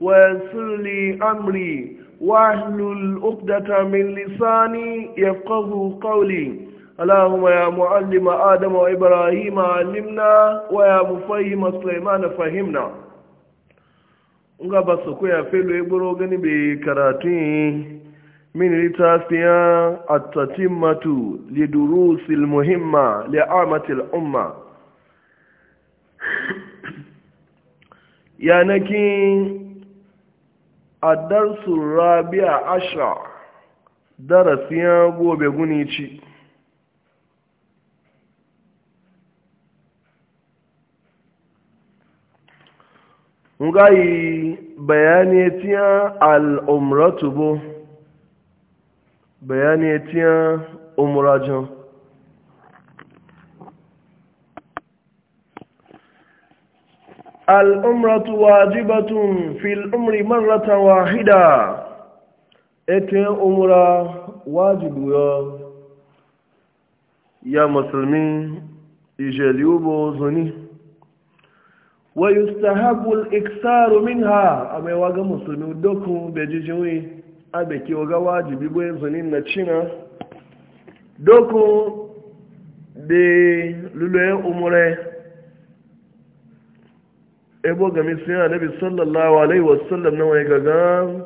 ويسر لي أمري وأهل الأقدة من لساني يفقه قولي اللهم يا معلم آدم وإبراهيم علمنا ويا مفهم سليمان فهمنا nga basu su koya felo ya buro gani bai karatun min littafiya a tatimatu lidurusil muhimma li amati li'amatil umma ya yanakin الدرس الرابع عشر درس يابو بغنيتي ngai bayani tiya al'umratu bu bayani Alụmra tụwa ji batụm fi ụmri mmadụ tawa hi daa. Eke ya mụsụlụmị ije dị ụgbọ ozọ nii. Wéyí ụtahapụl ịkịtaarụminha, amewe aga mụsụlụ dọkụ be jijiji nwunye abiri oga waajị dịbọ ezọ na China. Dọkụ dị lụlee ụmụrụ ebo game sun yana nabi sallallahu alaihi wasallam na wani gaga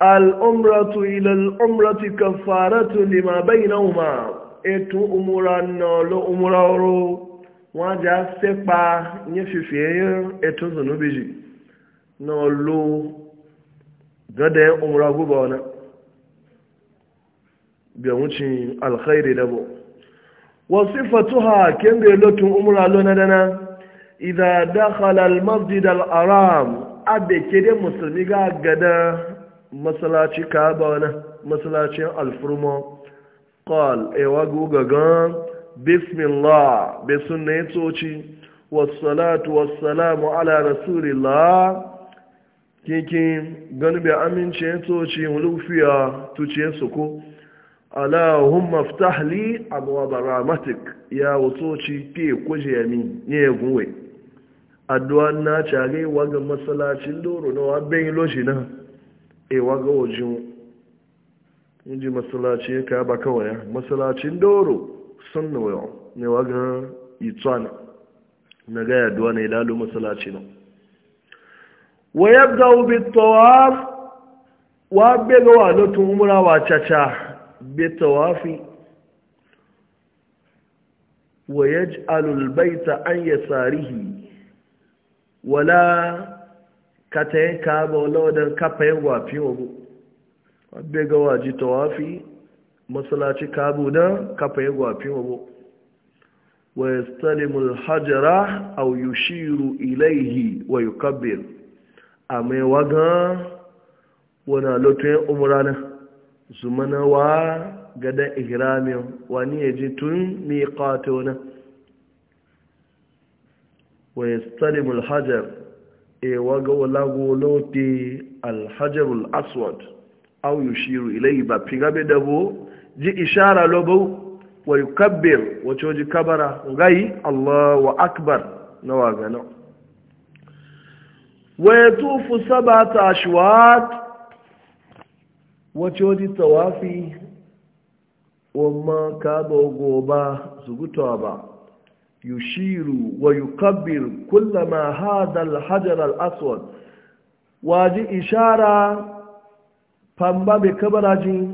al'umratu ila al'umrati kafaratu lima bainahuma etu umura na lo umura oro wọn ja sepa nye fifiye etu zunubiji na lo gada umura guba wani bi wucin alkhairi dabo wasu fatuha kyan ga lotun umura lo na dana ìdá dakhala al-masjid al da musulmi ga gada masalaci kaaba wani masalacin alfurma qal ewa guga bismillah bismillah suna sunna tsoci wasalatu wasalamu ala rasulillah kinkin gani bai amince yatoci lufiya tuciye su ko Allahumma ftah li abwaab rahmatik ya wutoci te kuje yami ne gunwe addu'a na cage waga masalacin doro na wabin loshi na e waga wajen inji masalaci ya ba kawai masalacin doro sun na wayo ne waga itsana na ga yaduwa na idalo masalaci na wa yabda ubi tawaf wa bega wa lotun umura wa caca bi tawafi wa yaj'alul baita an yasarihi wala katayen kaba wala wadan wafi wabu wadda ga waji tawafi masalaci kabu don kafayen wafi wabu wa ya stalimul hajjara au yushiru ilaihi wa yukabbir a mai wagan wana lotuyen umarana zumana wa gadan ihramin wani ya ji tun miƙato na wa yastalimu alhajar e waga walago lote alhajarul aswad aw yushiru ilayhi ba pigabe dabo ji ishara lobo wa yukabbir wato kabara ngai allahu akbar Nawa waga no wa yatufu sab'ata ashwat wato ji tawafi wamma ka dogo ba zugutowa ba يشير ويكبر كلما هذا الحجر الأسود واجي إشارة فمبا بكبراجي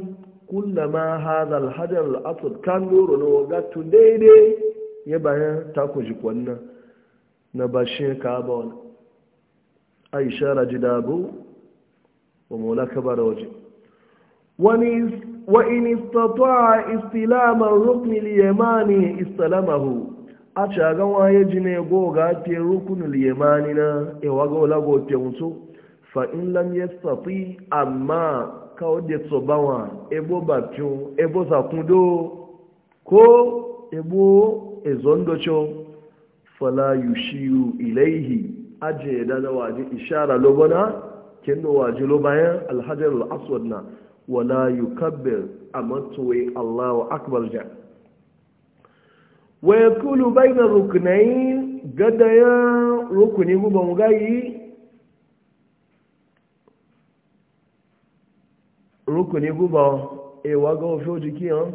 كلما هذا الحجر الأسود كان نور وقت ديدي يبقى تاكو جيكونا نباشي كابون أي إشارة جدابو ومولا كبراجي وإن استطاع استلام الركن اليماني استلمه a caga waye ji ne go ga te rukunul yamani na e waga wala go te mutu fa in lam yastati amma ka ode to bawa ebo bapju ebo sakundo ko ebo ezondo cho fala yushiru ilaihi aje da da waje ishara lobona kendo waje lobayan alhajar al-aswad na wala yukabbir amma tuwe Allahu akbar ja'a wa ya kulu bai na rukunai gadayen rukuni guba mu gayi rukuni guba ewa ga ofe jiki yan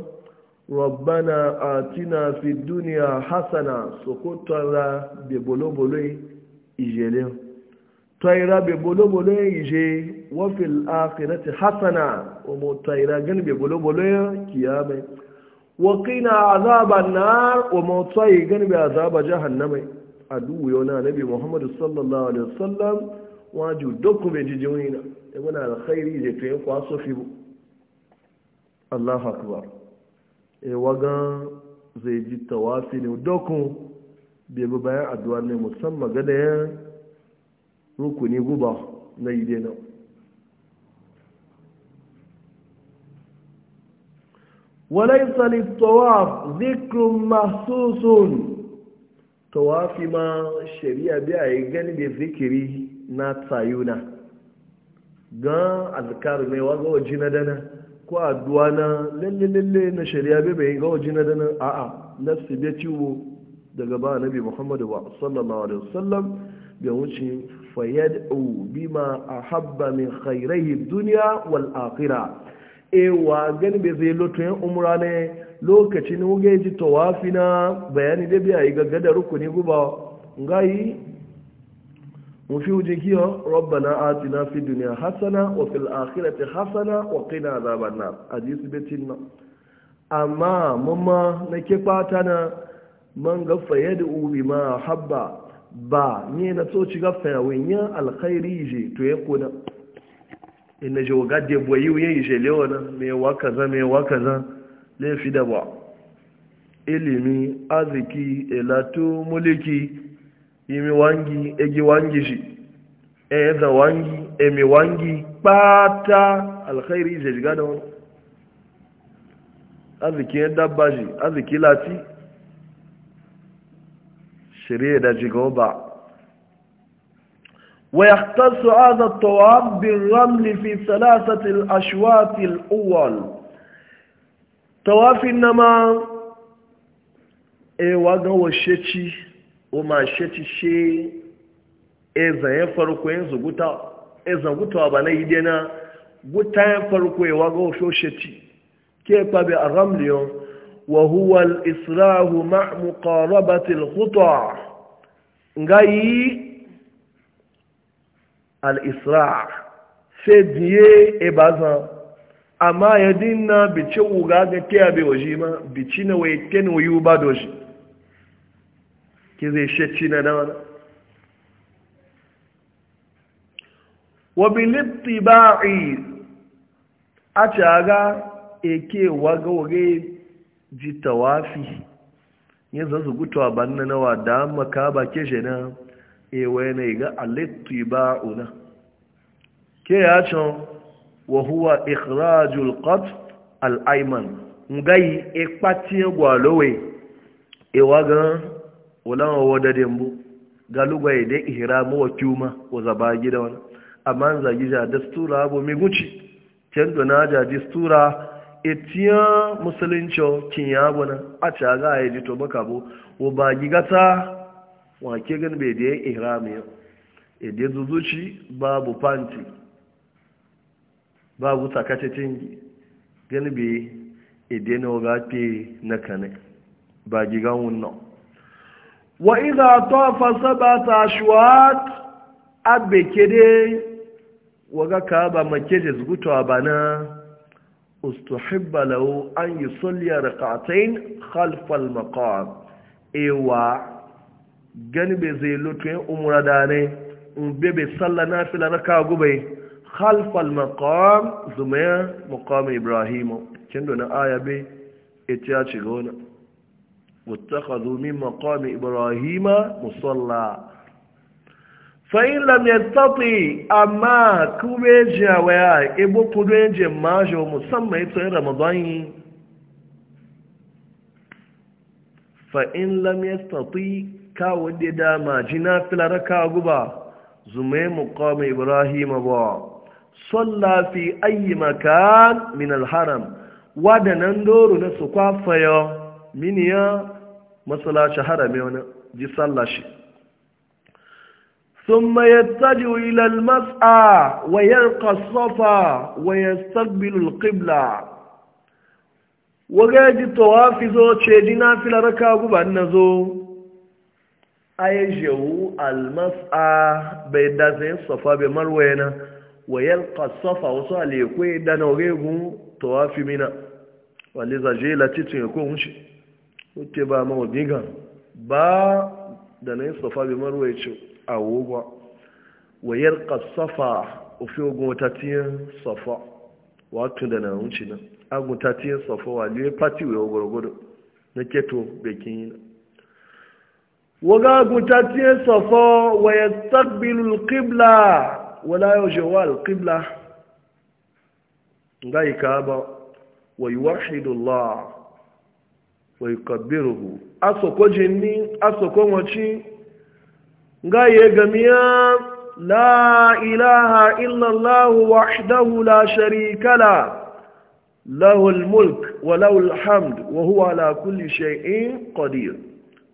rabbana atina fi duniya hasana sokotara be bolobolo ijele tayira be bolobolo ije wafil akhirati hasana wa mutayira gani be bolobolo kiyame wakina azaba nar wa mawtsayi gani bi azaba jahannama adu yona nabi Muhammadu sallallahu alaihi wasallam waju dokku be jijiwina e muna alkhairi je to ko asofi bu allah akbar e waga zai ji tawafi ne dokku be bu bayan addu'a ne musamman ga da rukuni guba na yidena وليس للطواف ذكر مخصوص طواف ما الشريعة بيعي جانب ذكري ناتسايونا ga azkar mai waga waje na dana ko addu'a na lalle lalle na shari'a bai bai ga waje na dana a'a nafsi bai ciwo daga ba nabi muhammadu ba sallallahu alaihi wasallam bai wuce fayad'u bima ahabba min khairihi dunya wal akhirah ewa gani bai zai lotuyen umra ne lokacin wuge ji tawafi na bayani da biya yi gaggada rukuni guba mu fi wujin kiyo ati na fi duniya hasana wa fil akhirati hasana wa qina azaban nar hadisi betin na amma mamma na ke fata na man ga fayyadu ubi ma habba ba ne na so ci ga fayawinya alkhairi je to ya kuna ina ji waga da boyi yi ishe lewa na mai wa kaza mai wa kaza laifi da ba ilimi arziki elatu muliki yimi wangi egi wangi shi eza wangi emi wangi pata alkhairi ishe shiga da wani arziki yadda dabba shi arziki lati shirye da jigoba ويختص هذا الطواب بالرمل في ثلاثة الأشواط الأول طواف إنما إيواغا وشيتشي وما شيتشي إذا يفرق ينزو قطع إذا قطع بنا يدينا قطع يفرق إيواغا وشيتشي كيف بالرمل يوم وهو الإسراع مع مقاربة الخطع غير al'isra sai diye e bazan amma ya dinna bici wuga ga kiya bai waje ma bici na wai ken wuyi ba doshi ki zai shacci na dama wa bilipti ba'i a ci aga eke waga wage ji tawafi ya zazu gutu a banna wa da maka ba ke shi na ewe ne ga alittiba'una ke ya can wa huwa ikhrajul qatf al ayman ngai e pati e gwalowe e waga wala wada dembu galuga ide ihramu wa kuma wa zabagi da wani amma zagi da dastura bo mi guci can dona ja dastura etiya musulunci na a ta ga ya ji to baka bo wa bagi gata wake gan bai da yan ihrami yau idan zuzuci babu fanti babu tingi gan bai idan na wagafe na kane ba gigan wunan wa iza tofa ta shuwat abe kede waga ka ba make da zugutowa ba na ustuhibba lahu an yi rak'atayn khalfa khalfal maqam ewa gani bai zai lutu yin umura da ne bai bai tsalla na fila na kawo gubai halfal makon zumaya makon ibrahimu kin duna ayabe ita ya ci gona mutaka zumi makon ibrahimu musalla fa'in lamiyar tafi amma kuma ya ji awaya ibo kudu ya ji majo musamman ito yin ramadan yi fa'in lamiyar tafi kawo da dama jina filara kagu ba zume mukawam ibrahim ba sola fi ayi makan min alharam wadannan doro na su kwafa ya matsalashi harami wani ji sallashi sun maye tajo ilal matsa wayar kasofa wayar sabbilul kibla wagaji towa fi zo ce jina filar kagu ba na zo ayyahu almas'a bai da zai safa bai marwaya na wa yalqa safa wasu alekwe da na oregun tawafi mina wale zaje la titin ya kohun shi wuce ba ma wabiga ba da na yi safa bai marwaya ce a wogwa wa yalqa safa ofi ogun tatiyan safa wato da na wuce na agun tatiyan safa wale pati wa gwargwado na keto bekin yi na waga gutatiye safo wa yastaqbilu alqibla wala yawjawa alqibla ngai kaaba wa yuwahhidu allah wa yukabbiruhu asoko jinni asoko wachi ngai yegamiya la ilaha illa allah wahdahu la sharika la له الملك وله الحمد وهو على كل شيء قدير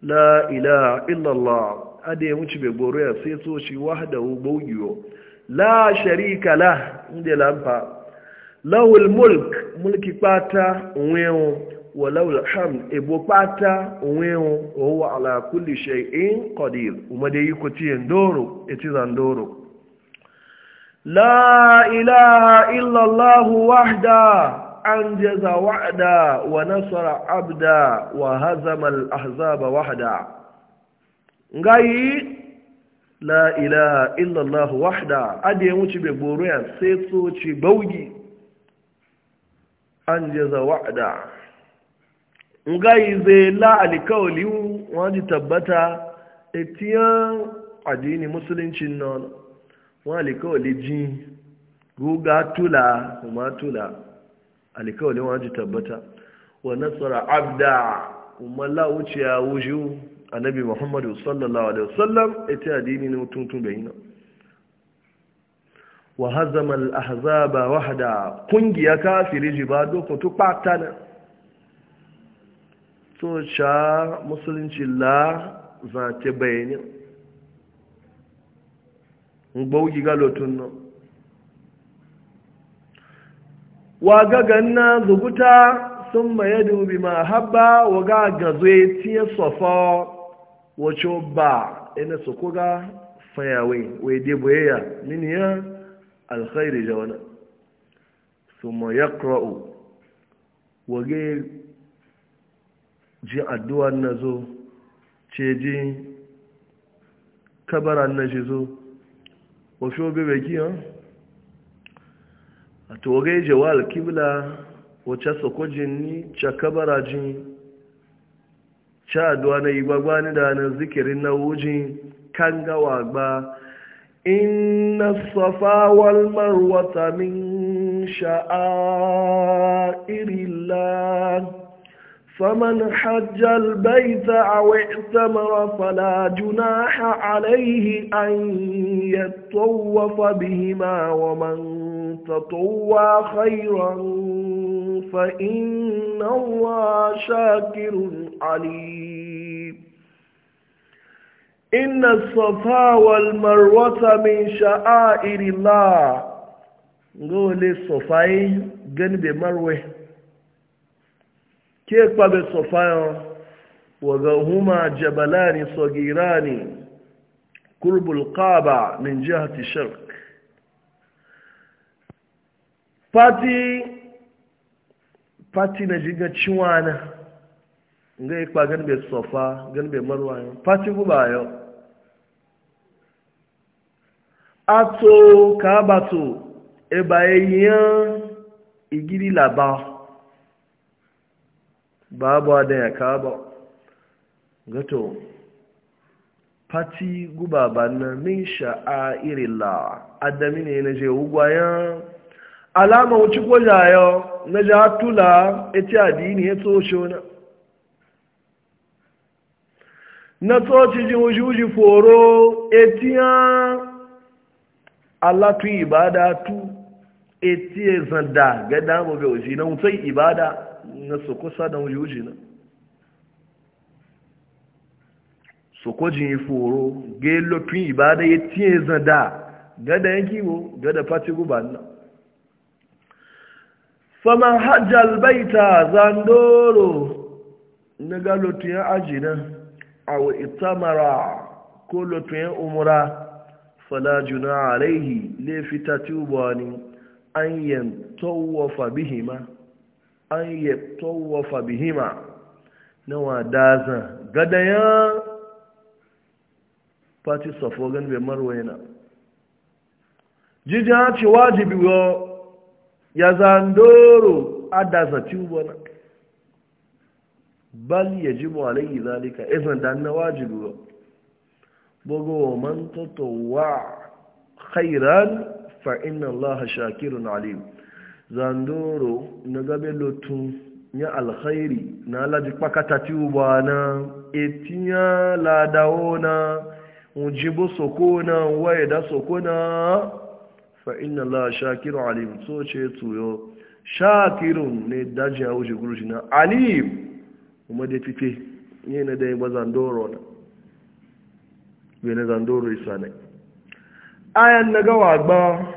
la ilaha illallah ade ya be goro ya sai so shi wahdahu bawjiyo la sharika la inda lampa lawul mulk mulki pata onwewo wa lawul hamd ebo pata onwewo wa huwa ala kulli shay'in qadir umade yiko e ti ndoro etiza ndoro la ilaha illallah wahda jaza wa'da wa nasara abda wa hazama al-ahzaba wahda ngai la ila illa allah wahda ade muci bai boro ya sai so ci bawgi anjaza wa'da ngai ze la alkauli wani tabbata etiyan addini musulunci nan, wani alkauli jin guga tula kuma tula alkawalin waji tabbata wa nasara abda kuma la wuce ya wuju annabi muhammadu sallallahu alaihi wasallam ita addini ne mutuntun bayina wa hazama al-ahzaba wahda kungiya kafiri jibado ko to patana to cha musulunci la za ta bayani ngbogi galotun no wa ga na zuguta sun maye dubi ma haba wa ga gazwe tiye sofa wacce ba ina su kuga fayawai wai dai boyayya mini ya alkhairi da wani ma ya kra'u wage ji addu'an na zo ce ji kabaran na shi zo wasu bai kiyan toge jawal kibla wacce sokojin ni ca kabarajin ca duwane igbagba ni da na zikirin na wujin kan ba. gba inna safa wal marwata min sha'irillah faman hajjal baita awa itamara fala junaha alaihi an yattawafa bihima wa man تطوى خيرا فإن الله شاكر عليم إن الصفا والمروة من شعائر الله قول الصفاي جنب مروه كيف باب الصفاي وغهما جبلان صغيران قرب القابة من جهة الشرق fati fati na jiga ciwana nga ikpa gan be sofa gan be marwa yo fati ba yo ato ka bato e ba eyan igiri ba babu adan ya ka ba gato fati guba na min sha'airillah adamin ne na je ugwayan alama wuce yau na ja tula eti adini ya tsoce wani na tsoci ji wujuji foro etiya alatu ibada tu etiye zanda ga damu bai wuji na wutai ibada na su kusa da wujuji na su yi foro ga yi lotun ibada etiye zanda ga da yanki bo ga da fatigu ba nan faman hajjal baita zandoro na ga lotuyen ajina a wa itamara ko lotuyen umura falajuna alaihi laifita tubuwa ne an yantowafa bihima an yantowafa bihima na wadazan gadayen fati safogan bai marwaina jijin ce wajibi wa ya zandoro adasa tubona bal yajibu alayhi zalika idan e dan na wajibu bogo man tatawwa khairan fa inna allaha shakirun alim zandoro na gabe lotun ya alkhairi na laji pakata na etinya ladawona ujibu sokona waida sokona fa'in Allah shakiru alim so ce tuyo shakirun ne dajin a wuce gurushi na alim kuma da fife na ba zandoro na zandoro isa ne ayan na gawa gba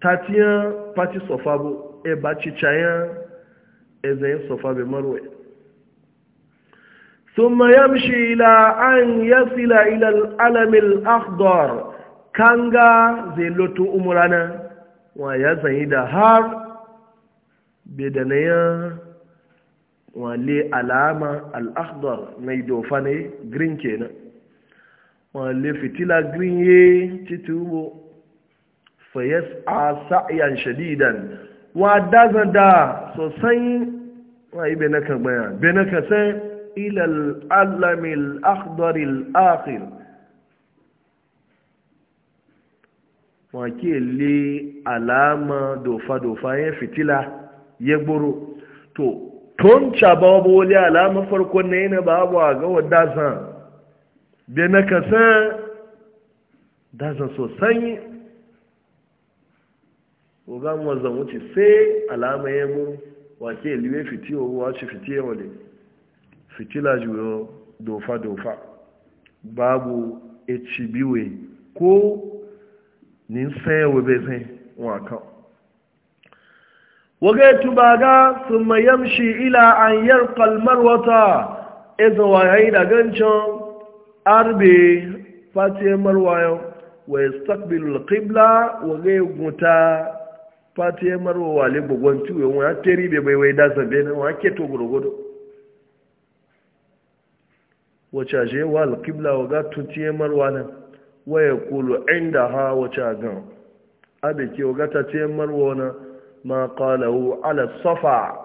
tatiyan pati sofa bu e ba cicayen ezayin sofa bai marwai ثم يمشي إلى أن يصل إلى الألم الأخضر kanga zai lotu umurana wa ya zanyi da har bedanayen wale alama aladar mai idofa ne green kenan wale fitila green ye titubo fayas a sa'ayan shadidan wa dazan da sosai wa yi benakan bayan benakan sai ilal alamil akhdar al'akhir ẹ lé alama dofa-dofa ya fitila ya gburu to tun caba wani alama farko na yana babu a ga wadda zan bai na kasa dazan sosai ogan wazan wuce sai alama ya mu wake wọn fitiyo wace fitiyo wale fitila juyo dofa-dofa babu hbw ko ní sẹ́yẹ̀wò bẹ́sẹ̀ wọn kan wọ́gẹ́ tubaga sun mayamshi ila an wayayi da gancin arbe fatiyar marwayan wai guta fatiyar marwawa ya teri bai wai dasa benin ke to wacce nan waya kulu inda ha wace gan abe ke wagata ce marwana ma kalawo ala safa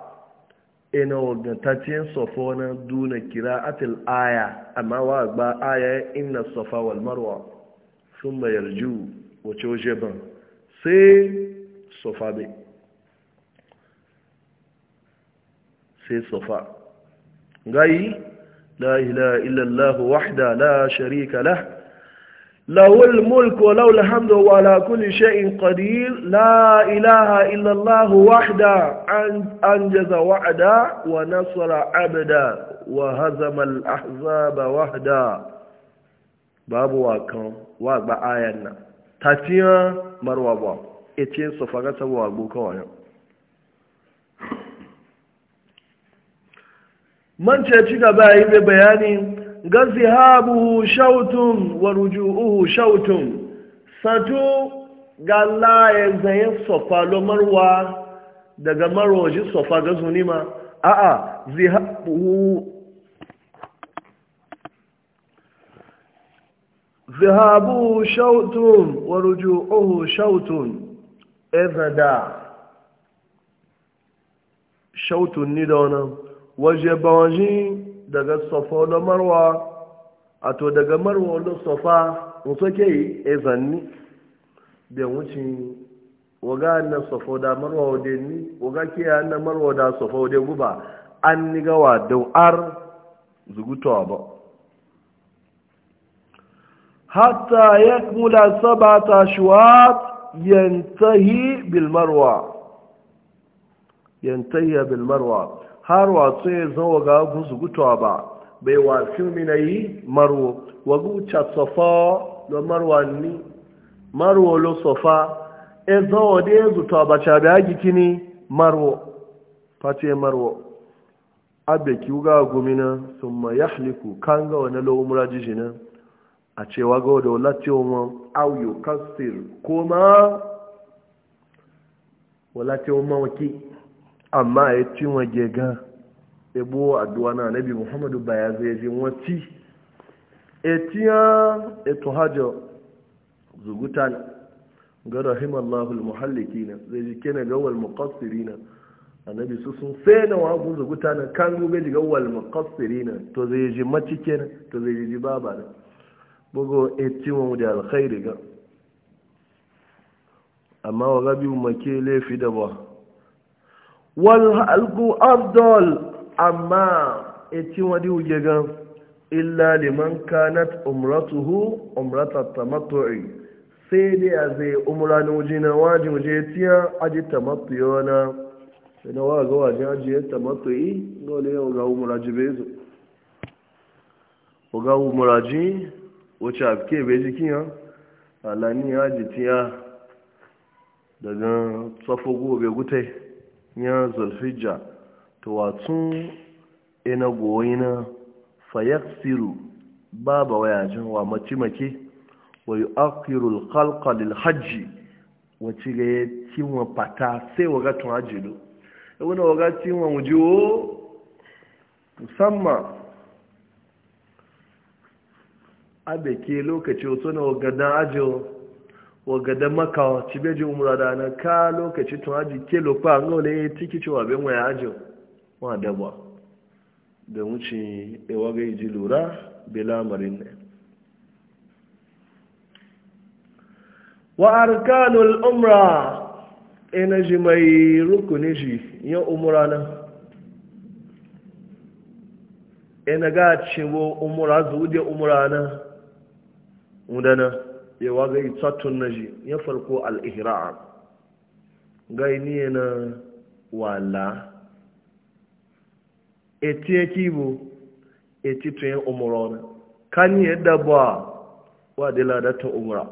ina ce safa na duna kira atil aya amma wa gba aya inna safa wal marwa sun bayar ju wace wace ban sai safa bai sai safa gayi la ilaha illallah wahda la sharika lah له الملك وله الحمد وعلى كل شيء قدير لا إله إلا الله وحده أنجز وعدا ونصر عبدا وهزم الأحزاب وحدا باب واكم واقبع آينا تاتيا مروابا اتين صفاقة واقبوك وعيا من تأتيك بأي ببياني ga zihabuhu shautun wa ruju'uhu shautun satu ga laye zayin sofa lo marwa daga marwaji sofa ga zunima a'a zihabuhu zihabuhu shautun wa ruju'uhu shautun ezada shautun ni da wani waje bawajin daga safa da marwa a to daga marwa da safa musu ke yi a e zanni da wuce waga na safa da marwa da ni waga ke yi na marwa da safa da guba an ni gawa dau'ar zugutowa ba hatta ya kula ta shuwat yantahi bilmarwa yantahi bilmarwa har wato ya zo ga gusu gutuwa ba bai wasu mina yi marwo wagu ca sofa lo marwa ni marwo lo sofa e zo wa da ya zuta ba ca da yaki ni marwo face marwo abe ki ga gumina sun ma ya haliku kan ga wani lo umra jijina a cewa ga wadda wala cewa ma auyo kastir ko ma amma ya ci wage ga ebo addu'a na nabi muhammadu ba ya zai jin wati etiya eto hajjo ne ga rahimallahu almuhallikina zai ji kene makasiri na a nabi su sun sai na wagun na kan gobe ji ga makasiri na to zai ji macike to zai ji baba ne bugo etiwa da alkhairi ga amma wa gabi mu make laifi da ba walhalku afdol amma eti wadi wuge gan illa liman kanat umratuhu umrata tamattu'i sai dai a zai umra na waje na waje waje tiya aji tamattuyo na sai na waga waje aji ya tamattu'i dole yau ga umra ji bezo ga umra ji wace a ke bai jikin ya alani aji tiya daga tsofo gobe gutai ya zulhijja to watsun ina goyina fayaksiru baba wayajin wa macimake wa yi akirul kalkalil hajji wacce ga ya cinwa fata sai waga tun hajjido wani waga cinwa wujiwo musamman abeke lokaci wasu na waga dan wagada maka cibe ji umra da na ka lokaci tun haji ke lopa an gaule ya tiki cewa bin waya hajji wa dabwa da wuce ewa ga iji lura belamarin ne wa arkanul umra ina ji mai rukuni ji yin umra nan ina ga cewa umra zuwa umra nan mudana yawa ga yi tsattun na ji ya farko al'ihra'a gai ni wala eti ya kibo eti tun yin umura na kan yi yadda ba wa da ladatun umura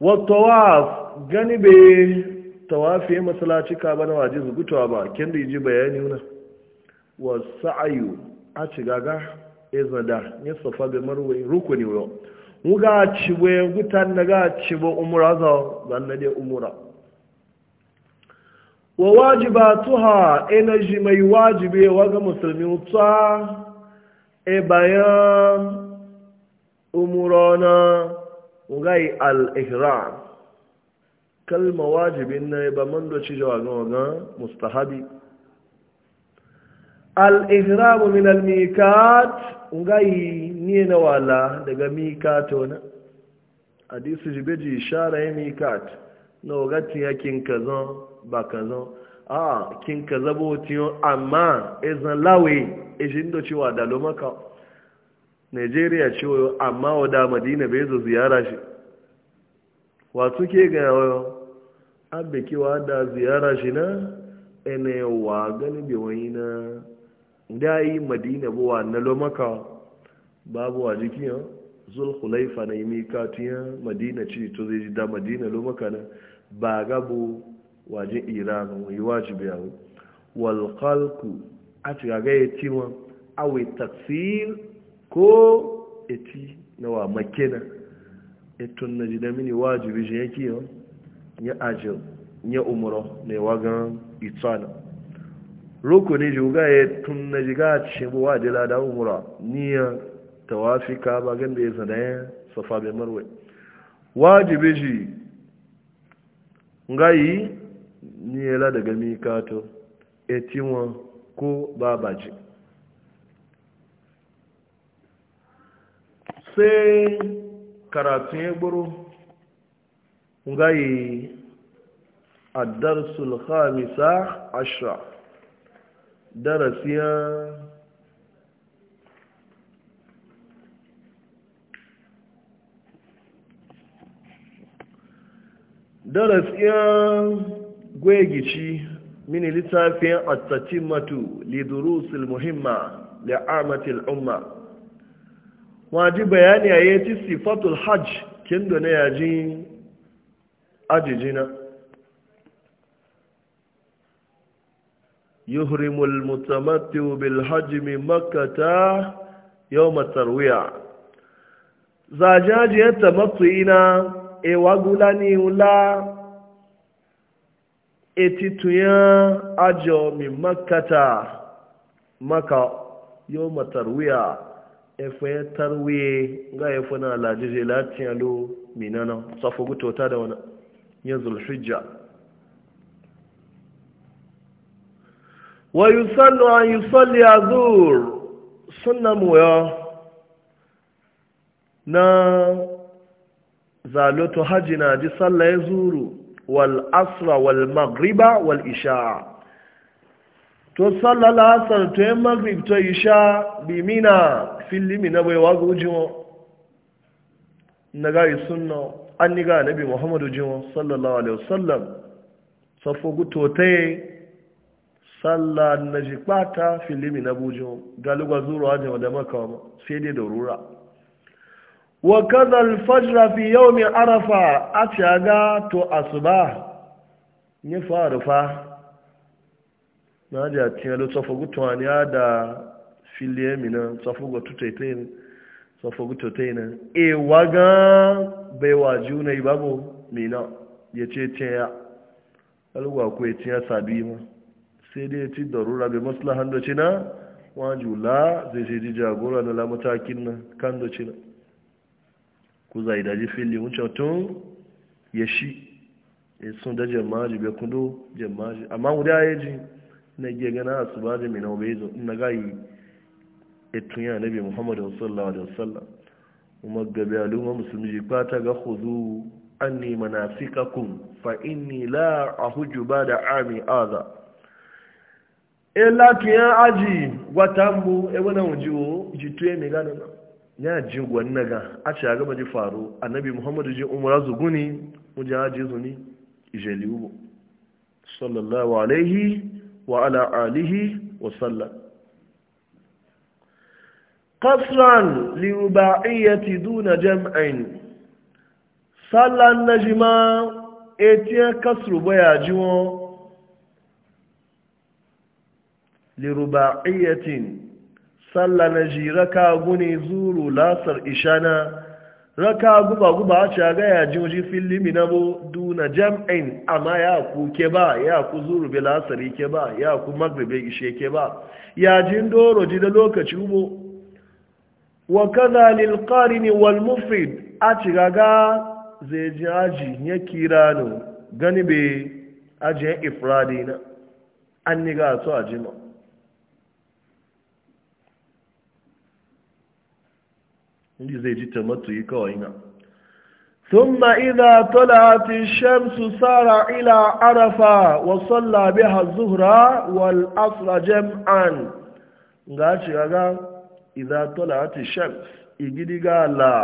wattawaf gani bai tawafi masalaci ka bana waje zugutuwa ba kin da yi ji bayani na wasu ayu a cigaga izada ya safa da marwai rukuni yau nga cibe gutan daga cibe umura za zanna dai umura wa wajiba tuha energy mai wajibi waga musulmi ta e bayan umurona ngai al-ihram kalma wajibin na e ba man do ci jawa ga waga mustahabi al-ihram min al-mikat ngai n'ihe na wala daga mikat na hadisi jibeji ishara ya mikat na wagatin ya kin kazan ba a kin kaza tiyo amma ezan lawe ejin do cewa da lo maka Nigeria ciwo amma wada Madina bai zo ziyara shi wato ke ga yawo abbe ki wada ziyara shi na ene wa gani bi wani na dai Madina buwa na lo maka babu wa jiki ya zulhulaifa na imi mikatu madina ci to zai ji da madina lo maka na ba gabo wajen iran yi wajibi yawo walkalku a ci gaga ya ci wa awai taksir ko eti na wa makina etun na jida mini wajibi shi yake yawo ya ajiyar ya umuro na yi Itana, itsana rukuni ji ga ya tun na jiga cikin wa jila da umura niyan tawafi ka ba gan da ya zana ya safa bai marwai wajibi shi ngayi ni yala daga mikato etiwa ko babaji sai karatun ya gburu ngayi الدرس الخامسة عشرة درس darasiyan gwegici mini littafin liduru silmuhimma muhimma li'amatil umma waji bayani a yi ti sifatul hajj kin na yaji ajijina yuhrimul mutamattu bil hajj min makkata yawm at-tarwiya zajajiyar tamattu ina ewagula ni wula etituyan ajo mi makata maka yau matarwiya efe tarwiye ga efe na alajije latin alo minana safo tota da wani yanzu zulhijja wa yusallu an yusalli azur sunna mu ya na zaloto hajji na ji sallah ya zuru wal asra wal magriba wal isha to sallah la'asar to yin magrib to isha bi mina filimi na bai wago jiwo na gari suna an ni ga nabi muhammadu jiwo sallallahu alaihi wasallam safo guto ta yi sallah na ji kpata filimi na bujiwo galuwa zuru hajji wadda makawa sai dai da rura wa kaza alfajra fi yawmi arafa a shaga to asuba ni farufa na ji a cikin lo tsofagu tuwaniya da filiye mina tsofagu tutaitai tsofagu tutaitai na e waga bai waju na ibabu mina ya ce tiya alwa ku ya tiya sabi ma sai dai ya ci darura bai maslahan da cina wajula zai ce ji jagora na lamatakin na kan da cina kuza idaji fili wuce tun ya shi ya sun da jamaji bai kudu jamaji amma guda ya ji na giya gana a su ba da mina obe zo na gayi etun ya biyu muhammadu sallallahu alaihi wasallam kuma gabe al'umma musulmi ji kwata ga An nima na anni manasikakum fa ni la ahuju ba da ami aza e latiyan aji watambu e wannan wujiwo jitu ya mai ganin ya ji gwanna ga a ci gaba ji faru annabi muhammadu ji umara zuguni wajen ajiye zuni ijeli ubo sallallahu alaihi wa ala alihi wa sallam qasran li rubaiyati duna jam'in sallan najma etiya kasru baya jiwo li rubaiyatin sallah na ji raka guni zuru lasar ishana raka guba guba a ci ya ji filimi na bu duna jam'in amma ya ku ke ba ya ku zuru bi lasar ke ba ya ku magribe ishe ke ba ya ji doro ji da lokaci ubo wa kaza lil qarin wal mufrid a ci gaga zai ji aji ya kira no gani be aji ifradi an ni ga so ajima inda zai ji tamattu yi kawai na ثم إذا طلعت الشمس سار إلى عرفة وصلى بها الظهر والعصر جمعا غاشي غا إذا طلعت الشمس إجدي لا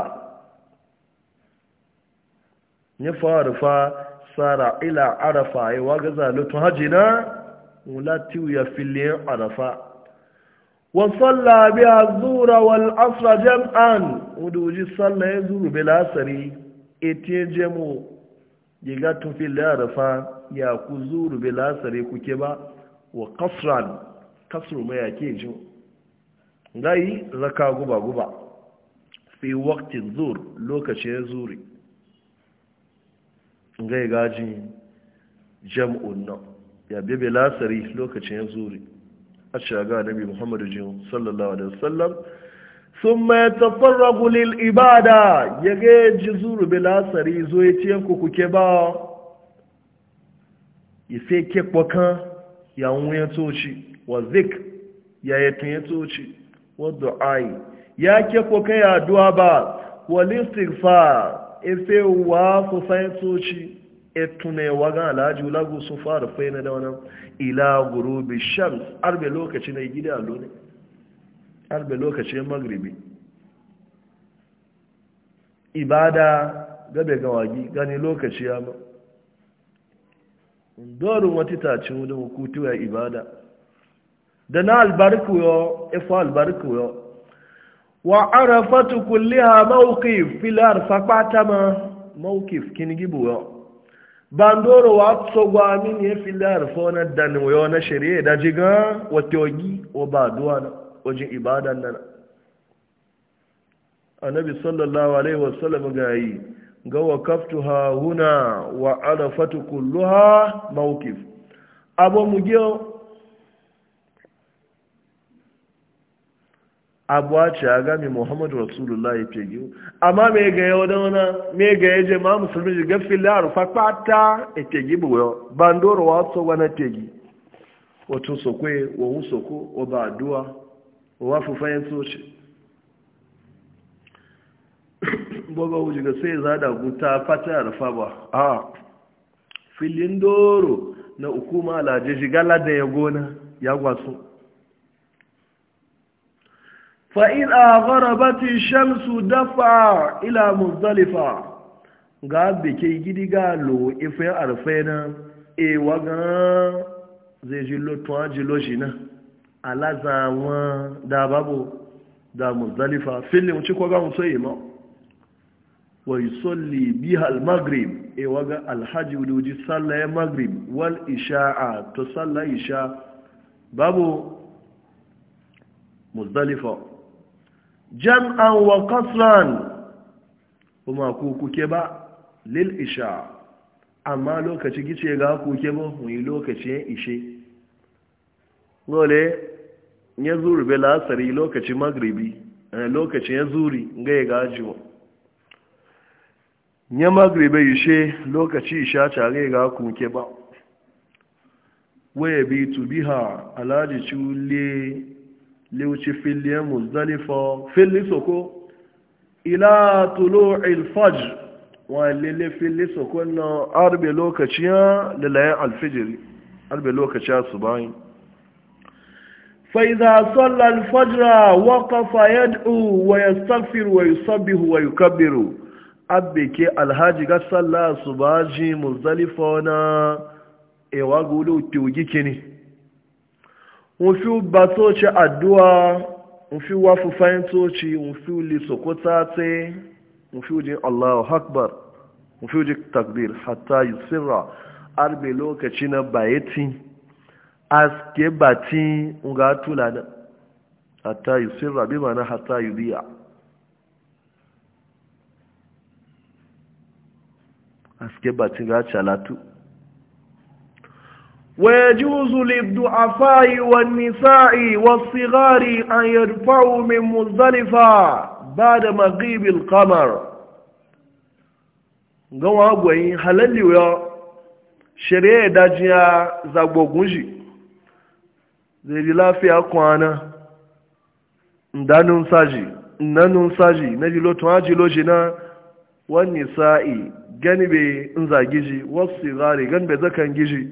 نفارفا سار إلى عرفة وغزا لتهجنا ولا تويا في الليل عرفة وصلى بها الظهر والعصر جمعا ودوجي صلى يزور بالعصر اتجمو يغاتو في العرفة يا كزور بالعصر كتبا وقصرا قصر ما يكيجو غاي ركا غبا غبا في وقت الظهر لوكاشي يزوري غاي غاجي jam'un nan ya bi belasari lokacin zuri a nabi muhammad jin sallallahu alaihi wasallam sun mai tafarra gulil ibada ya ga ji zuru bilasari zo ya ce yanku kuke ba ya sai ke kwakan ya wuya toci wa zik ya yi tun ya toci wa du'ai ya ke kwakan ya duwa ba wa ya sai wa fusayin toci etuna ya waga alhaji lagu sun fara faina da wani ila gurubi shams arbe lokaci na gida allo ne arbe lokaci magribi ibada gabe gawagi gani lokaci ya ba dorin wata tace wani hukutu ya ibada da na albarku yo efo albarku yo wa arafatu kulliha mawqif fil arfaqatama mawqif kin gibu yo bandoro wa tsogwa min ya filar larfa na dan wayo na shirye da jiga wa wagi wa ba duwa na wajen ibadan nan annabi sallallahu alaihi wasallam ga yi ga wakaftuha huna wa arafatu kulluha mawqif abo mugiyo abuwa ce ya gami muhammadu ya ke yi amma mai ga yau da wana mai ga je ma musulmi ji gafin la'ar fakpata a e ke yi bu yau bandoro wato wani ke yi wato sokwe wa wusoko wa ba aduwa wa fufayen soce boga wuji ga sai zada guta fata rufa ba a filin doro na hukuma alajeji gala da ya gona ya gwasu fa'iza gharabati shamsu dafa ila muzdalifa ga bike gidiga ga lo ife arfe na ewa gan zai ji lotun ji loshi na alaza da babu da muzdalifa filin ci kwa gawun soye ma wa yusolli biha al-maghrib ewa ga alhaji wuji sallaye maghrib wal isha'a to sallaye isha babu muzdalifa jam'an wa kasran kuma ku kuke ba lil isha amma lokaci gice ga kuke ba mu yi lokacin ishe gole ya zuri be lasari lokaci magribi eh, lokaci ya zuri ga ya gajiwa ya magribe ishe lokaci isha tare ga kuke ba waya bi tubiha alaji cule liuci filiyan muzdalifa fili soko ila tulo ilfaj wani lele fili soko na arbe lokaci ya lalayen alfijiri arbe lokaci ya su bayan فإذا صلى الفجر وقف يدعو ويستغفر ويسبح ويكبر alhaji ga sallah su baji na nfi ba toci addu'a nfi wa fufayin toci nfi li sokota te nfi ji allahu akbar nfi ji takbir hatta yusirra arbe lokaci na bayeti aske bati nga tula na hatta yusirra bi mana hatta yudiya aske bati ga chalatu ويجوز للضعفاء والنساء والصغار أن يرفعوا من مزدلفة بعد مغيب القمر gawa gwayin halalli ya shari'a dajiya zagogun shi zai ji lafiya kwana danun saji nanun saji na jilo tun haji loji na wani sa'i gani bai in zagi wasu zari gani bai zakan giji.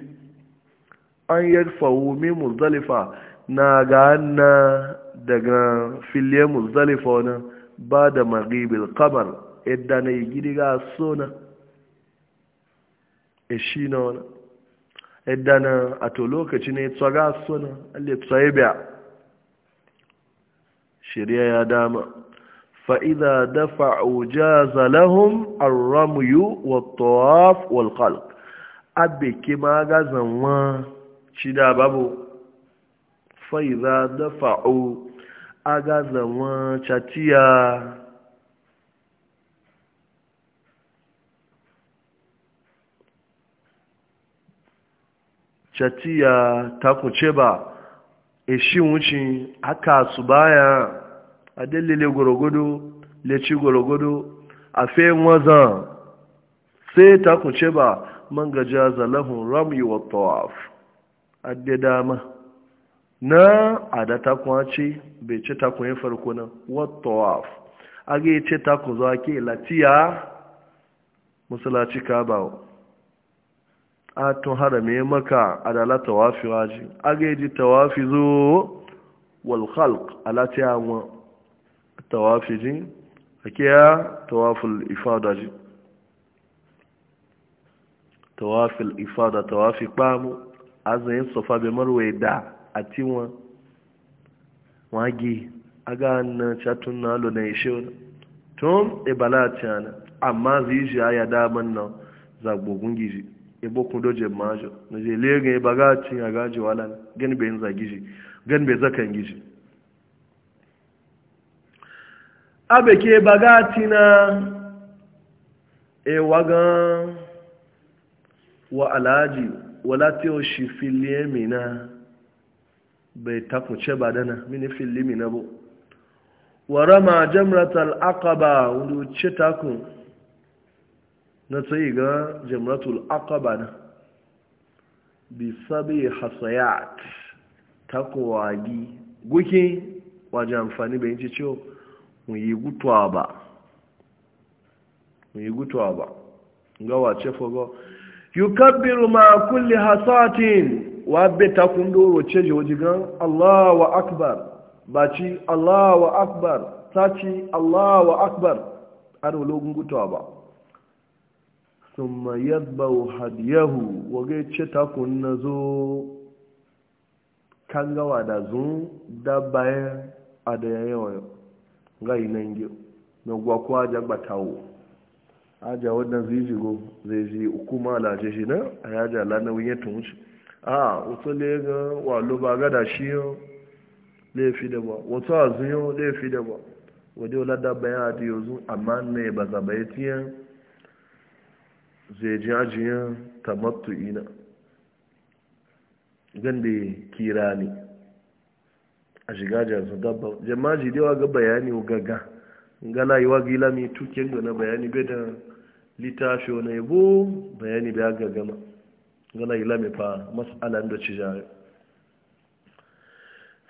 an yadfawo min muzdalifa na ga na daga filiyar muzdalifa wani ba da maghibil kamar yadda na yi gidi ga sona e shi na wani yadda na a to lokaci ne tsa ga sona alle biya shirya ya dama fa'iza dafa jaza lahum arramuyu wa tawaf wal khalq abe kima ga zanwa shida da babu faiza da fa'o aga zama ta catiya ce ba shi wucin aka su baya a dalile gwargwado leci gwargwado a fe wazan sai ta ce ba man gaja zalahun ramyi wa tawaf adda dama na ada takwa ce bai ci takwa yin farko nan wattawaf aga yi ce takwa zuwa ke latiya musulaci ka ba a tun harame maka adala tawafi waji aga yi ji tawafi zo walhalk latiya wa tawafi ji ake ya tawafil ifada ji tawafil ifada tawafi kpamu azayin sofa bai marwai da a tiwa a aga na chatun na lo na ishe wani tun ibala e cana amma zai ji a yada man nan zagbogun gizi ibo e kun doje majo na je lega ba ga cin a gaji wala gani bai zagiji gani bai zakan gizi abe ke ci na e wagan wa alaji wala tí ó ṣì fili ẹ̀mì náà bai takunce ba dana mini fili na bó wàrá ma jamratal akaba wọ́n ce takun na tsayi ga jamratul akaba na bi sabi hasayat takowagi guki wajen amfani bayan ci ciwo mu yi gutuwa ba mu yi gutuwa ba ga wace fogo yukabbiru ma kulli hasatin wa beta kun cheje wajigan Allahu akbar baci Allahu akbar taci Allahu akbar an logun gutawa ba thumma yadbau hadiyahu wa ce ta kun nazo kanga wa da zun da bayan a ga inenge no gwa kwa jagbatawo aja wannan zai jigo zai ji hukuma laje shi na a yaja lanawin ya wuce a wato le ga walo ba gada shi yau laifi da ba wato a zuyo laifi da ba wadda wala da bayan a ta yanzu amma ne ba za bai tiyan zai ji ajiyan tamattu ina gande kira ne a shiga jansu dabba jama'a jidewa ga bayani gaga gala yi wa gila mai tukin gana bayani bai da littafi wani yabo bayani biya gagama gana yi lamifa matsalan da cijari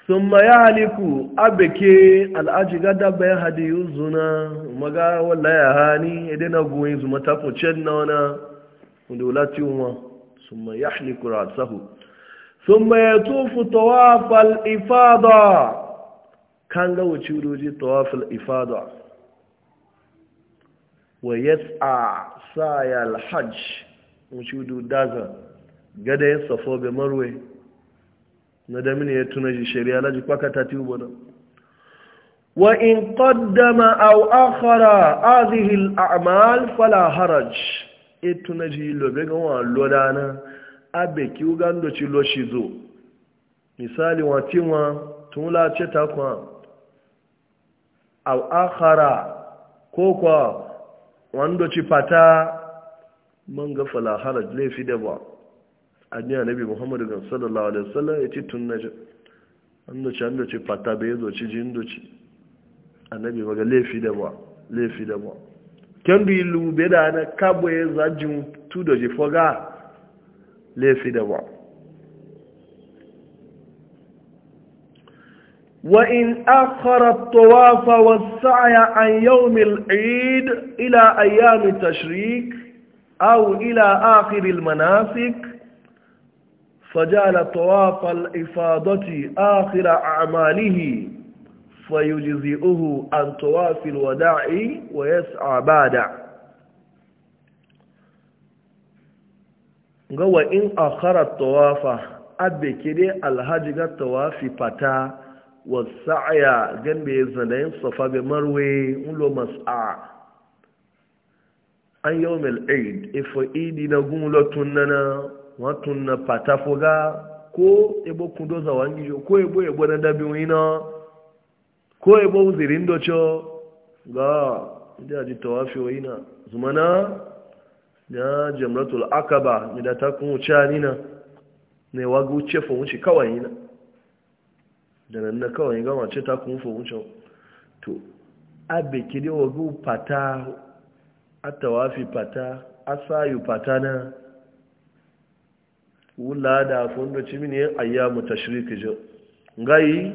sun ma ya haliku abeke al'aji gada bayan yi zuna maga wala ya hani idan na goyi zuma ta fucen na wana wanda wula tiwuwa sun ma ya haliku rasahu sun ma ya tufu tawafal ifada kan ga wuce wuroji tawafal ifada wa yas'a saya alhajj mushudu daza gada ya safo be marwe na da mini ya tuna shi shari'a laji kwaka ta ti ubo wa in qaddama aw akhara hadhihi a'mal fala haraj ituna ji lo be ga wa lodana abe ki ugando ci lo shi zo misali wa tinwa tun la ce ta kwa aw akhara ko kwa wanda ci fata man ga falaharar laifi da ba a ni anabi muhammadu gan sallallahu alaihi wasallam ya ci tun na ji wanda ci wanda ci fata bai yi ci ji indo ci anabi maga laifi da ba laifi da ba kyan bi lube da na kabo ya zajin tu da ji foga laifi da ba وإن أخر الطواف والسعي عن يوم العيد إلى أيام التشريك أو إلى آخر المناسك فجعل طواف الإفاضة آخر أعماله فيجزئه عن طواف الوداع ويسعى بعد وإن أخر الطواف أبكر الهجر الطواف فتاه wasa'aya gan bai zanayin safa bai marwe ulo mas'a an yau mil aid ifo idi na gunlo tunana watun na patafoga ko ebo kundo za wangijo ko ebo ebo na dabi wina ko ebo uzirin docho ga ndi aji tawafi wina zumana ya jamratul akaba mi da ta kun wuce nina ne wagu chefo wuce kawai na da nan na kawai gama ce ta kun fahimcin to abe kiri wagu fata atawafi fata asayu fata na wula da fundo cimini yin ayyamu tashriki jo ngayi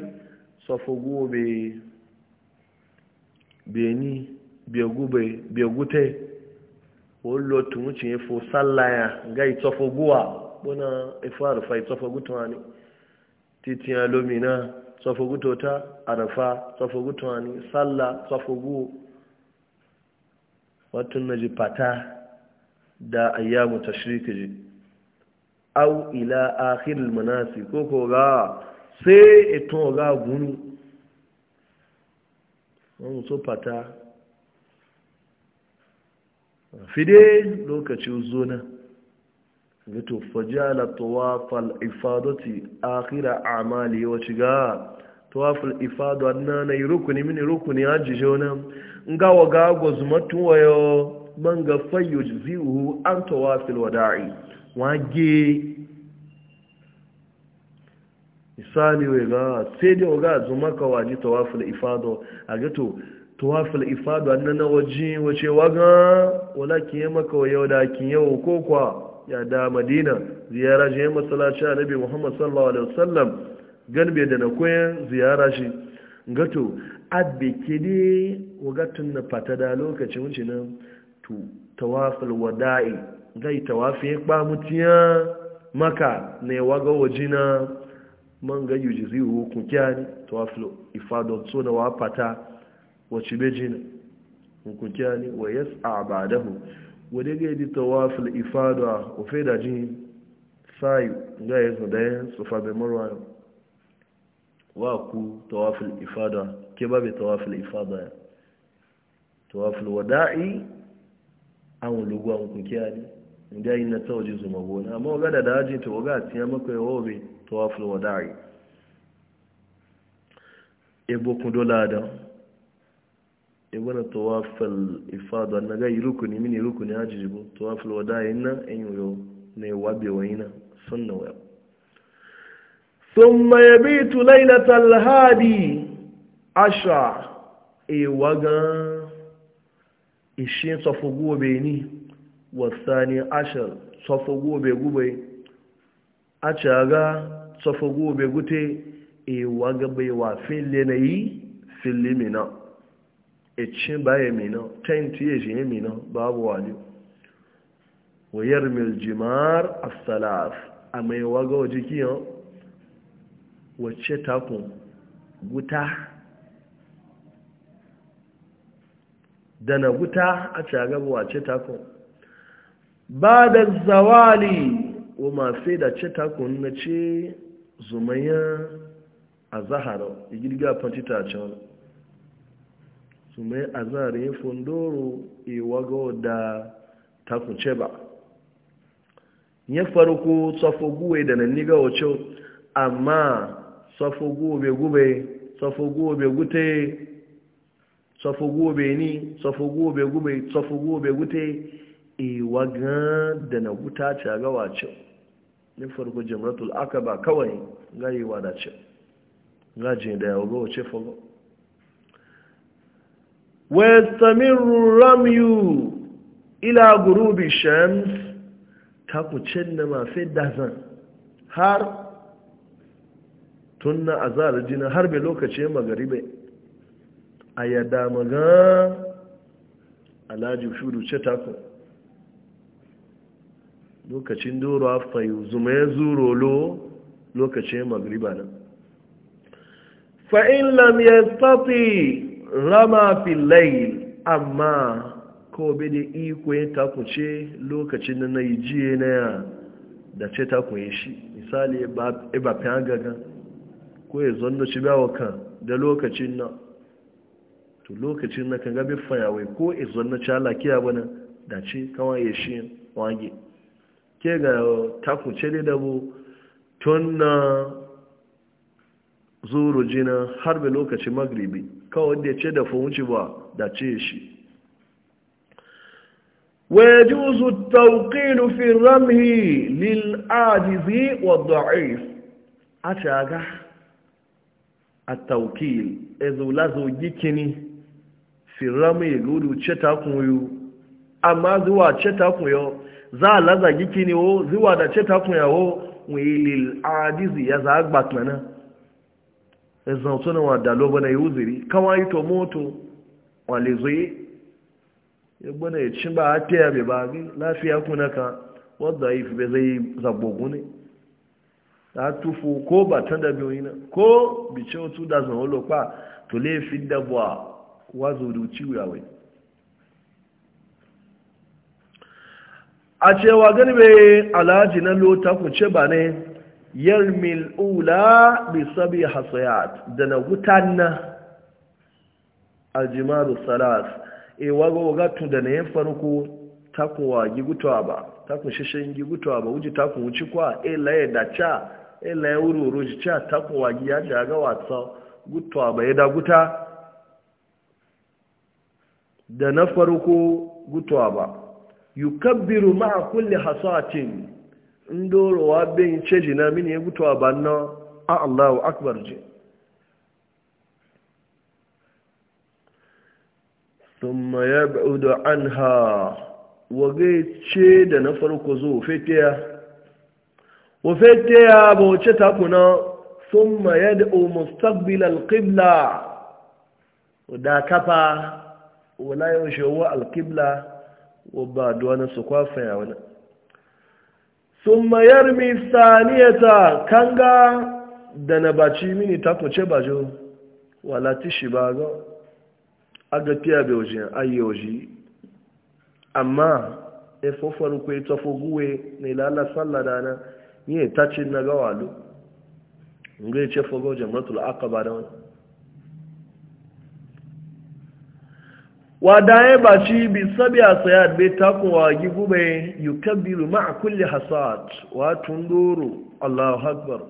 safo gobe beni begube begute wolo tumuci efo sallaya ngayi safo guwa bona ifo e arufa isafo gutuwa ne titiyan lomina tsofogu tota arafa tsofogu tuwani salla tsofogu watun na jifata da ayyamu tashriki ji au ila akhiril manasi ko ko ga sai eton ga gunu wọn so fata fide lokacin zona gato fajala tawafal ifadati akhira amali wace ga tawafal ifadu adna yi rukuni mini rukuni haji jona nga wa ga gwazumatu wayo man ga fayyo an tawafil wada'i wage misali we ga sai dai ga zumaka waji tawafal ifadu a gato tawafil ifadu adna na waje wace waga walakin yamaka maka wayo da yau ko kwa ya da madina ziyara shi yin masalaci a nabi muhammad sallallahu alaihi wasallam bai da na koyan ziyara shi gato abbe kide wagatun na da lokaci wuce nan to tawafil wada'i zai tawafi ya ba mutiya maka na ne waga wajina man ga yuji zai hukun ni tawafil ifadon so na fata wacce bejina hukun ni wa yas'a ba'dahu wadda ga yi tawafil ifada ofe da jin sayu ga yi su daya su fabe marwa wa ku tawafil ifada ke ba bai tawafil ifada ya tawafil wada'i an wulugu an kunkiya ne inda yi na tawaji zuma gona amma waga da dajin ta waga a tiya maka yawa wabe tawafil wada'i ebo kun dola da ibn tawafal ifada na ga rukuni mini rukuni haji jibo tawafal wadayin na en yoyo ne wabe wayina sunna wa thumma yabitu laylatal hadi asha e waga ishin tsofo gobe ni wasani ashar tsofo gobe gube a caga tsofo gobe gute e waga bai ecin ba ya mina tent ya shi ya mina babu wali wayar miljimar asalaf a mai waga wa jiki wacce takun guta da na guta a cagaba wacce takun ba da zawali wa masu da ce takun na ce zumaya a zahara igirga fantita a can su mai azarin fundoro iwago da takunce ba ya farko tsafo da nan niga wace amma tsafo gube gube tsafo gube gute tsafo gube ni tsafo gube gube tsafo gube gute iwagan da na guta a gawa ce ya farko jimratul akaba kawai ga yi wadace gajin da ya wago wace wayastamirru ramyu ila gurubi shams ta ku cinna mafi dazan har tun na azar jina har bai lokacin magaribe a yada maga alhaji shudu ce taku lokacin doro a fayu zuma ya zuro lo lokacin magariba nan fa'in lam ya tafi rama filayil amma ko bide da iko ya takuce lokacin da na yi jiye na ya da ce takunye shi misali ba e fi hangaga ko ya zonda ci bawa kan da lokacin na to lokacin na kan gabi fayawai ko ya zonda ci halakiya bana da ce kawai ya shi wage ke ga takunce da bu tun na zuru jina har lokacin magribi kawai da ya ce da funci ba da ce shi wajen uzu taukinu fin ramhi lil'adizi wa da'if a ce aga a taukil ezula zogi kini fin ramhi guru ce takunyu amma zuwa ce takunyo za a lazagi kini o zuwa da ce takunyawo wili al'adizi ya za a ezan tuna wa dalo bana yi uziri kama yi to moto wa ya ya cin ba a taya bai ba bi lafiya kuna ka wadda yi fi bai zai zabogu ne ta tufu ko ba ta da biyu na ko bice otu da zan wolo to le fi da a wazo da uci a cewa gani bai alhaji na lo ta ba ne yarmil ula bi sabi hasayat da na wuta na aljimaru salas e wago gatu da na ya farko takuwa gigutuwa ba takun shishin gigutuwa ba wuce takun wuci kwa e laye da cha e laye wururu ji cha takuwa giya ji aga wasa gutuwa ba ya da guta da na farko gutuwa ba yukabbiru ma'a kulli hasatin ndorowa bin ceji na mini ya gutuwa ba na a allahu akbar ji da anha عنها وغيتشي da na farko zo fetiya wa fetiya ba wace ta kuna thumma yad'u mustaqbil al-qibla da kafa wala yawshu al-qibla wa ba na su kwafa ya wani sun mayar mi saniyata kanga da na baci mini takwace bajo wala tishi ba ga agapiya bai wajen ayyoji amma efofar kwe tafo guwe na ilala sallada na yi tacin na gawalu ngai ce fogo aka aqaba da wani wadaye ba shi bi sabiya sayad bai takowa gigube yukabiru ma'a kulli hasad wa tundoro Allahu akbar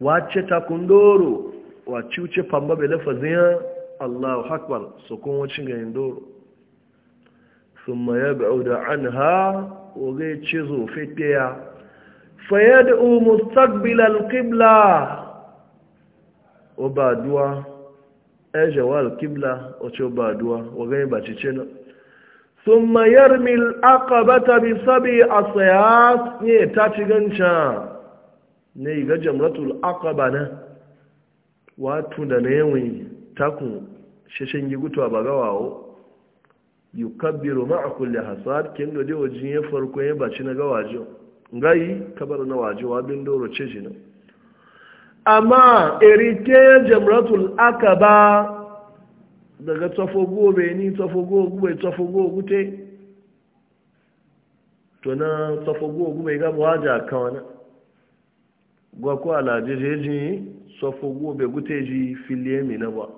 wace doro? wa ce famba bai lafazin Allahu akbar so kun wacin ga indoro thumma yab'udu anha wa ce cizo fitiya fayad'u mustaqbilal qibla wa ba duwa ejawal kibla ocho baduwa wagai ba cice na summa mil al ta bi sabi a asayat ne ta ci na ne ga jamratul aqaba na watu da ne yawi takun shishin gigutuwa ba gawawo yukabbiru ma'a kulli hasad kin do je wajin ya farko ya baci na gawajo ngai kabar na wajo wa bin doro ce shi na amma erike jamratul akaba daga ni beni tsafogo gube tsafogo to na tsafogo gube ga waja kawana wani ko alajejeji tsafogo be gute ji filiye mi na ba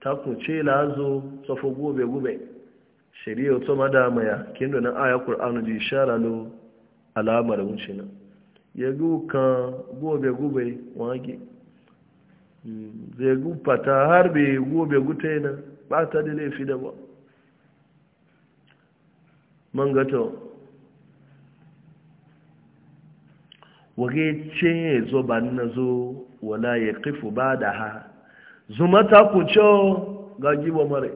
ta kuce lazo tsafogo be gube shari'a to madama ya kindo na aya qur'anu ji ishara lo alamar wucina yagu kan gobe gube wage zai gufata har bai gobe guta yana ba ta da laifi da ba man gato ce ya zo ba na zo wala ya kifu ba da ha zuma ta ku co ga gibo mare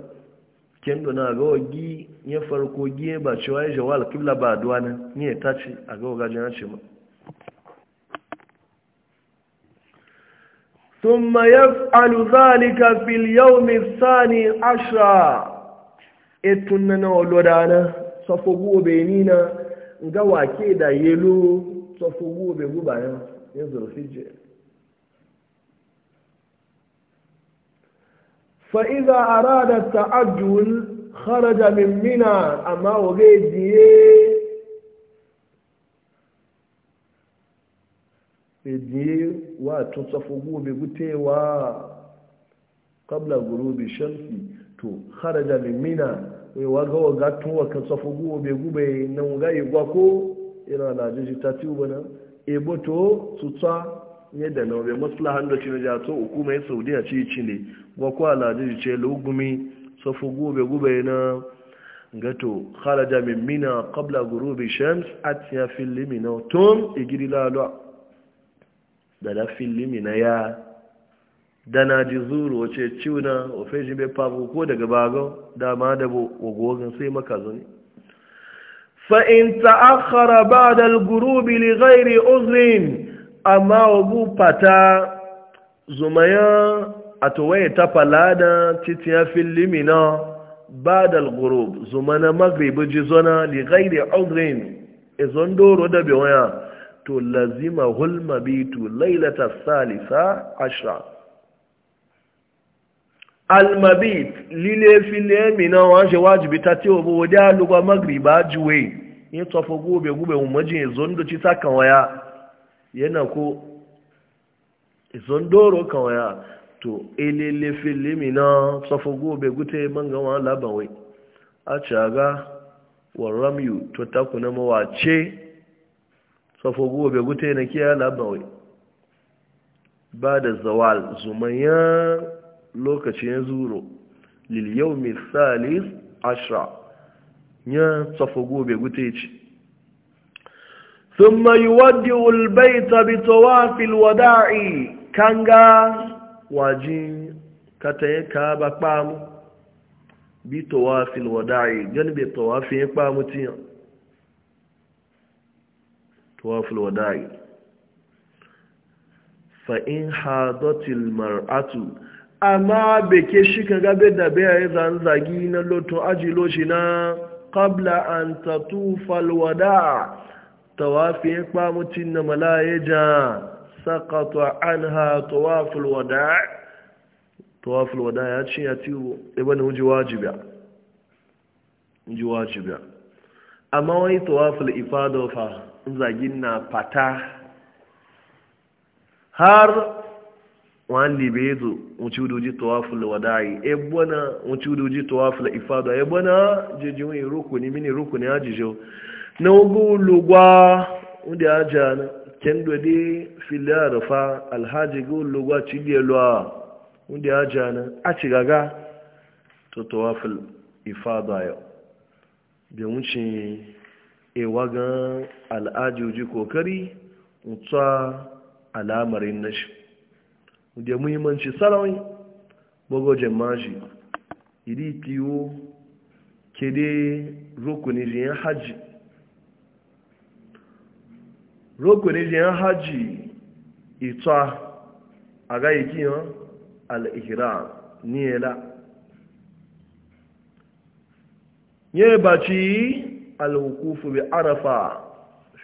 ken na ga wagi ya farko giye ba cewa ya jawal kibla ba aduwa ne ya ce a ga ya ce ma ثم يفعل ذلك في اليوم الثاني عشر etunana olodana sofogu obenina nga wake da yelu sofogu obegu bayan ya zulfije fa idha arada ta'ajjul kharaja min mina amma ediye wa tun tsafo gobe gutewa kabla gurubi shamsi to kharaja min mina wai waga waga tun wa kan tsafo gobe gube nan ga gwa ko ina na jiji ta ci ubana ebo to ne da na be maslahan da cinu ja to hukumar saudiya ci ci ne gwa ko ala jiji ce lugumi tsafo gobe gube na gato kharaja min mina qabla gurubi shams atiya fil limina tum igirila lo da na filimi na ya dana ji zuru wace ciuna ofe ji be fabu ko daga da dama da wagogon sai maka zuni fa'in ta'akhara ba da gurubi li gairi uzin amma wagu fata zumayen a tawaye ta falada titiya filimi na ba gurub zuma na magribi jizona li gairi uzin izon e doro da bewaya to lazima hulma bitu lailata salisa ashra almabit lílé fílé mìíná wọ́n ṣe wájìbí tàbí òbò wòdí alùgbà magriba juwe ní tọfọ gúbe gube umarjin ìzóndó zondo sákan waya yana ko ìzóndóró kan waya to ilé fílé mìíná tọfọ gúbe gúte mangawa labawai a ṣaga wa ramyu to takunan mawace fafo gobe gute na kiya labawai ba da zawal zumayen lokacin zuro liliyau mai salis ashira, ya tafi gobe gute ci sun mai wadda ulbaita bitowa filwada'i kan ga wajin katayi ka ba kpamu bitowa filwada'i gani bitowa fiye kpamu tiyan tawaful wada'i fa in hadatil mar'atu amma beke shi ka gabe da bai zanzagi na loto ajilo shi na kabla an ta tatufal wada'a tawafin kwamutin na malayeja an ha tawaful wada'i tawaful wada'i ya ci ya tiwo e ibn huji wajiba huji wajiba amma wani tawaful ifada fa zagin na fata har wani libe zo wuce udoji tawafula wadayi ebona wuce e udoji tawafula ifada ebona jeji yin rukuni mini rukuni ajijo na oge lugwa wanda ya ja na kendo de filiya rufa alhaji go lugwa cibiyarwa wanda ya ja na a cigaga to tawafula ifada yau da wuce ewa ga al'ajoji kokari mutuwa al'amarin na shi da muhimmanci sarawai shi mashi iri kiwo kede rukunijiyar hajji rukunijiyar hajji ita a gaikiyar al'ihira niyela nye bàtí alhukufu bi arafa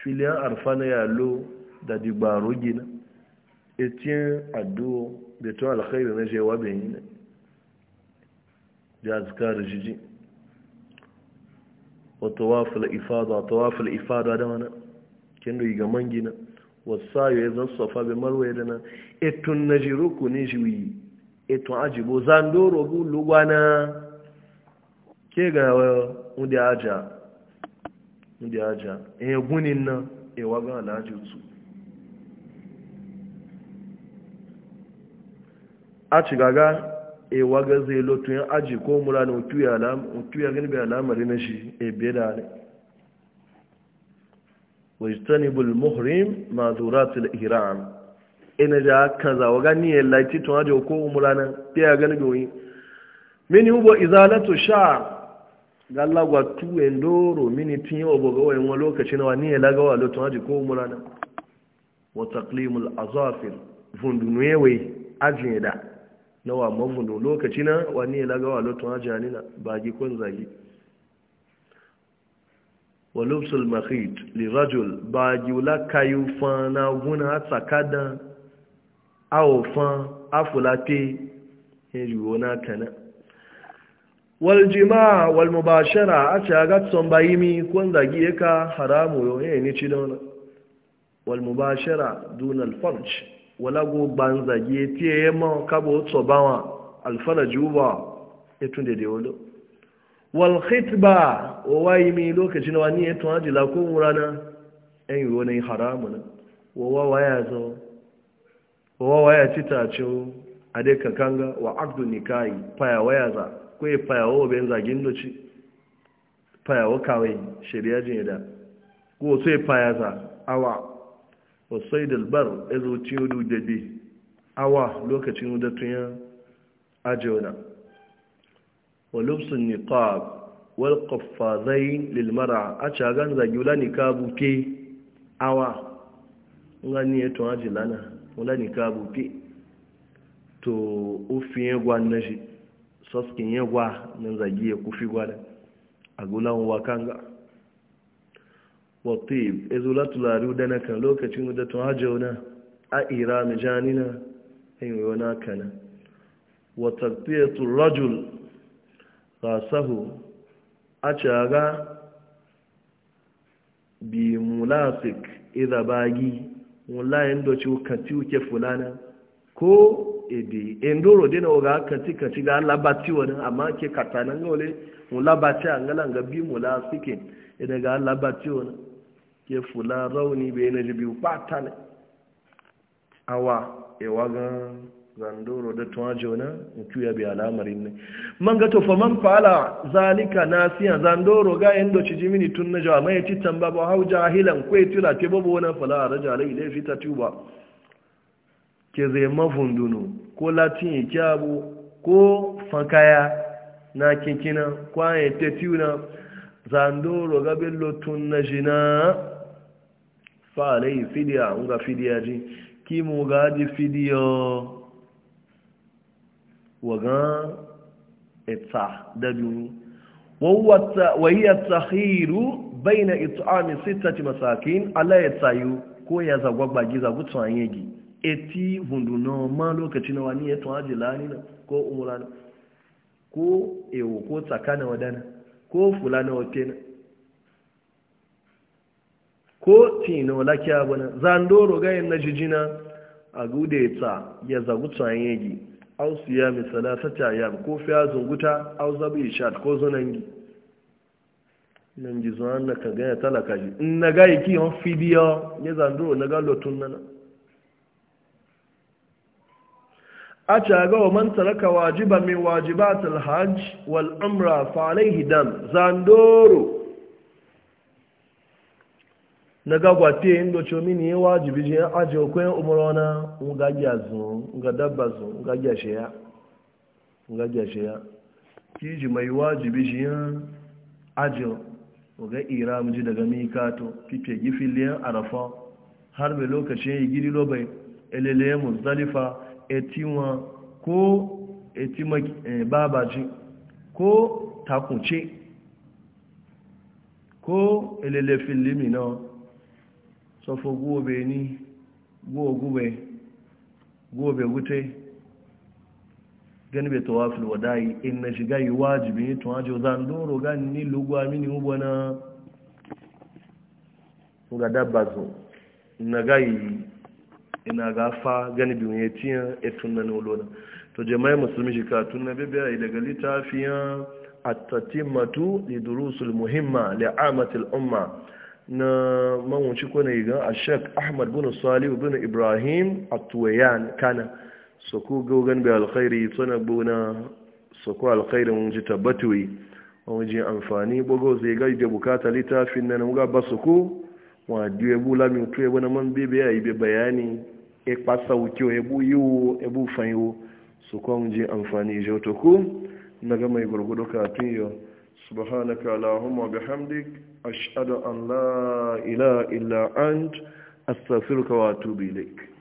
filiyan arfa na yalo da digbaro gina etin addu'o beton alkhairu na shewa benin da azkar jiji wa tawafil ifada tawafil ifada da wani kendo yi gaman gina wasayo ya zan sofa bi marwa da nan etun na ji rukunin jiwi etun ajibo zandoro lugwana ke ga wanda aja ndị aja egwuni na ewaga ala aja otu achigaga ewaga zai otu ya aji ko mura na otu ya gani bai alamari na shi ebe da ne wajtanibul muhrim ma zuratul ihram ina e ja kaza waga ni ya laiti tun aji ko mura na ta ya gani bai mini hubo izalatu sha'a galla gwa tuwe ndoro mini tun yau boga wayan lokaci na wani ya lagawa lotun aji ko murana wa taqlimul azafir fundunu yewe ajin da na wa mavundu lokaci na wani ya a lotun anina ba gi. kun zagi wa lubsul makhit li rajul gi wula kayu fan na guna tsakadan a ofan afulate yin riwo na kanan waljima walmubashara a ce a gatson bayimi kun zagi ya ka haramu yau ya eh, ni ci don wani walmubashara dunal farj walago ban zagi ya tiye ya ma kabo tsobawa alfaraj juba ya e tun da da walhitba wa wayimi lokacin wani ya e tun ajila lakon wurana yan e yi wani haramu na wawa waya zo wawa waya cita ce a dai kakanga wa abdu nikayi faya waya za kwaye fayawo bayan zagin doci fayawo kawai shari'a jin yada ko sai e fayaza awa wasai dalbar ya e zuci hudu da bi awa lokacin hudatun ya ajiyona walubsun niqab wal qaffazai lil mar'a a cagan zagula niqabu ke awa ngani ya e to ajilana wala niqabu ke to ufiye na nashi soskin ya gwa nan zagi ya kufi gwada a gulan wakanga watib ezula tulari da na kan lokacin da tun hajjau na a ira mijanina yin wani kana watattiyatul rajul rasahu a caga bi mulasik idabagi yadda da kati uke fulana ko edi endoro dai na oga kati kati ga labati wani amma ke katana ga wale mu labati an galan ga bi mu la sike ina ga labati wani ke fula rauni be na jibi pata ne awa ewa ga zandoro da tuwa jona mutu ya bi alamarin ne man ga to faman fala zalika nasiya zandoro ga endo ci jimini tun na jawa mai titan babu hau jahilan kwai tira ke babu wani fala raja yi ilai fita tuba ke zai mafundunu ko latin ya kyabu ko fankaya na kinkina kwaye ta tuna zandoro gabin lotun na jina falai fidiya nga fidiya ji ki mu gaji fidiyo wagan etsa dabi wahiyar tsahiru bai na ito ami sita ti masakin ala ya tsayu ko ya zagwagbagi giza gutsu an yegi eti hundu na ma lokaci na wani yato tuwa lani na ko umurana na ko ewo ko tsakana wadana ko fulana wake na ko tina laki kya bana zandoro gayen na jijina a gude ta ya zagu tsayen yagi au siya mi salasata ko fiya zunguta au zabi shat ko zunangi nan ji zuwa na ka gaya talaka ji in na ga yi kiyon fidiyo ya zandoro na ga lotun nana a caga wa man taraka wajiba min wajibatul hajj wal umra fa alaihi dam zandoro na gagwate inda comi ne wajibi je ajiye kwayan umarona nga gyazu nga dabba zu nga gyashiya nga kiji mai wajibi je ajiye ga iram ji daga mikato kike gifiliyan arafa har bai lokacin yi gidi lobai elele muzdalifa eti wọn ko eti babaji ko takunce ko elele filimi náà sọfọ gúobe ní gúogúbe gúobe gúte wadayi na shiga yi wajibi ne tun hajji zan doro gani ni lugwa ina gafa gani biyu ya tiya ya tunna olona to jama'i musulmi shi ka tunna bibiya daga littafiyan attatimmatu li durusul muhimma li amatil umma na mawunci ko ne ga ashek ahmad bin salihu bin ibrahim atuwayan kana so ku gan bi alkhairi tsana buna so ku alkhairi mun ji tabbatuwi mun ji amfani bogo sai ga da bukata littafin nan mun ga basu ku wa diwe bula mi tuwe bana man bibiya ibe bayani e kpasa o ebu yiwu ebu fanyiwu su kwan ji amfani ji otoku na gama gurgudu ka yau subhanaka allahumma bihamdik ashhadu an la ilaha illa ant astaghfiruka wa atubu ilaik